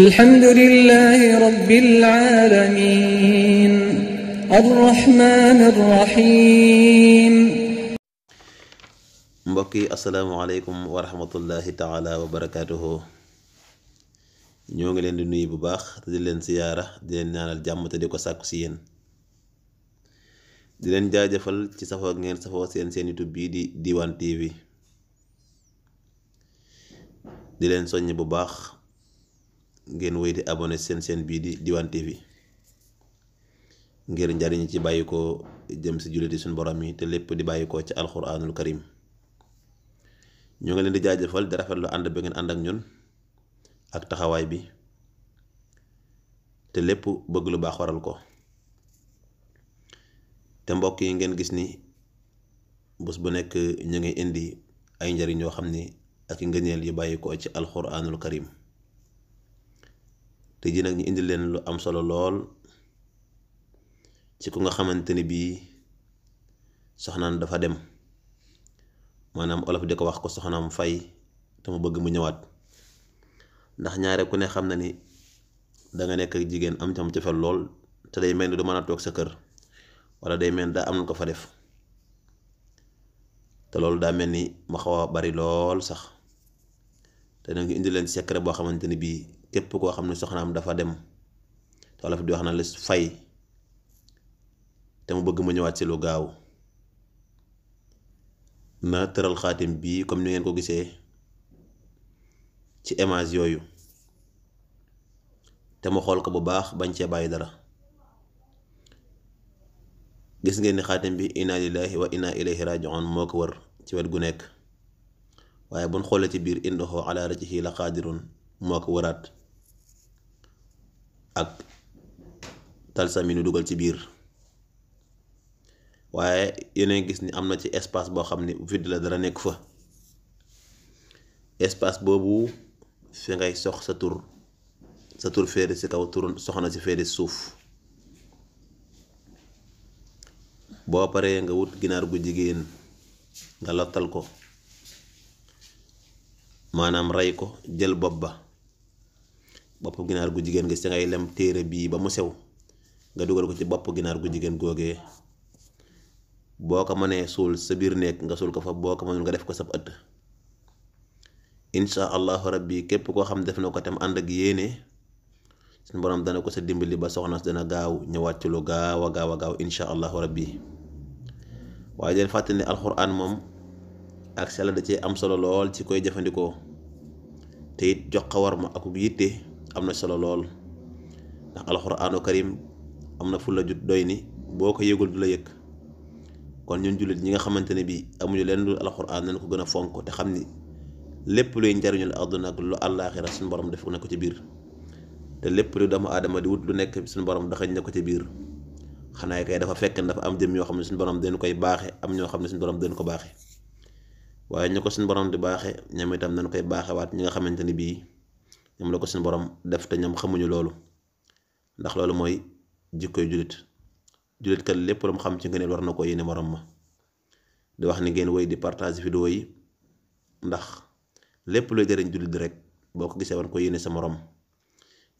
الحمد لله رب العالمين الرحمن الرحيم yi asalaamaaleykum wa rahmatullahi taala wa barakaatuhu ñoo ngi leen di nuyu bu baax di leen siyaara di leen ñaanal jàmm te di ko sàkku ci yéen di leen jaajëfal ci safoo ngeen safoo seen seen YouTube bii di Diwane TV di leen soññ bu baax ngeen wéy di abonné seen seen bii di Diwane TV ngir njariñ ci bàyyi ko jëm si jullit yi suñu borom yi te lépp di bàyyikoo ko ci alxuraanul karim ñoo ngi leen di jaajëfal di rafetlu ànd bi ngeen ànd ak ñun ak taxawaay bi te lépp bëgg lu baax waral ko te mbokk yi ngeen gis ni bés bu nekk ñu ngi indi ay njariñ yoo xam ni ak i ngëneel yi bàyyi ko ci alxuraanul karim te ji nag ñu indi leen lu am solo lool ci ku nga xamante ni bii soxnaam dafa dem maanaam olof di ko wax ko soxnaam fay te mu bëgg mu ñëwaat ndax ñaare ku ne xam na ni danga nekk ak jigéen am tam cofeel lool te day mel ni du mën a toog sa kër wala day mel daa am ko fa def te loolu daa mel ni mu xaw a bari lool sax dana ngi indi leen secret boo xamante ni bii képp koo xam ne soxnaam dafa dem tolof di wax na la fay te mu bëgg ma ñëwaat si lu gaaw na tëral xaatim bii comme ni ngeen ko gisee ci image yooyu te mu xool ko bu baax bañ cee bàyyi dara gis ngeen ni xaatim bi inna lillahi wa inna ilayhi rajiun moo ko wër ci wet gu nekk waaye buñ xoolee ci biir indahu ci rajihi la qaadirun moo ko waraat ak talsami nu dugal ci biir waaye yeneen gis ni am na ci espace boo xam ni vide la dara nekk fa espace boobu fi ngay sox sa tur sa tur si kaw tur soxna si féete suuf boo paree nga wut ginaar bu jigéen nga lottal ko maanaam rey ko jël bopp ba bopp ginaar gu jigéen nga si ngay lem téere bii ba mu sew nga dugal ko ci bopp ginaar gu jigéen googee boo ko mënee suul sa biir néeg nga suul ko fa boo ko mënul nga def ko sa ëtt incha allahu rabbi képp koo xam def na ko tam ànd ak yéene suñu borom dana ko sa dimbali ba soxna si dana gaaw ñëwaat ci lu gaaw a gaaw a gaaw incha allahu rabbi waaye del fàttali alxuraan moom ak sell da cee am solo lool ci koy jëfandikoo te it jox ko war ma akub yitte am na solo lool ndax alxuraanu karim am na fu la jut doy ni boo ko yëgul du la yëg kon ñun jullit ñi nga xamante ne bii amuñu leen lu alxuraan nañ ko gën a fonk te xam ni lépp luy njariñul àdduna ak lu àllaaxira suñu borom def na ko ci biir te lépp lu doomu aadama di wut lu nekk suñu borom daxañ na ko ci biir xanaa kay dafa fekk dafa am jëm yoo xam suñu borom dañu koy baaxe am ñoo xam ne suñu borom dañu ko baaxe waaye ñu ko suñu boroom di baaxee ñoom itam dañ koy baaxewaat ñi nga xamante ni bii ñoom la ko seen borom def te ñoom xamuñu loolu ndax loolu mooy jikkoy jullit jullit kat lépp lu mu xam ci ngëneel war na ko yéene morom ma di wax ni ngeen woy di partage vidéo yi ndax lépp luy jëriñ jullit rek boo ko gisee war ko yéene sa morom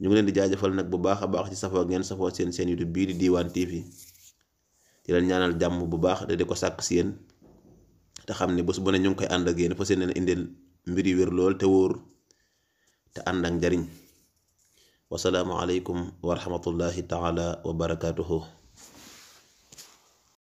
ñu ngi leen di jaajëfal nag bu baax a baax ci safoo ngeen safoo seen seen YouTube bii di Diwane TV di leen ñaanal jàmm bu baax te di ko sàkk si yéen te xam ne bés bu ne ñu ngi koy ànd ak yéen fas yéene indil mbir yu wér lool te wóor te ànd ak njariñ wasalaamualeykum wa rahmatullahi taala wa barakaatuhu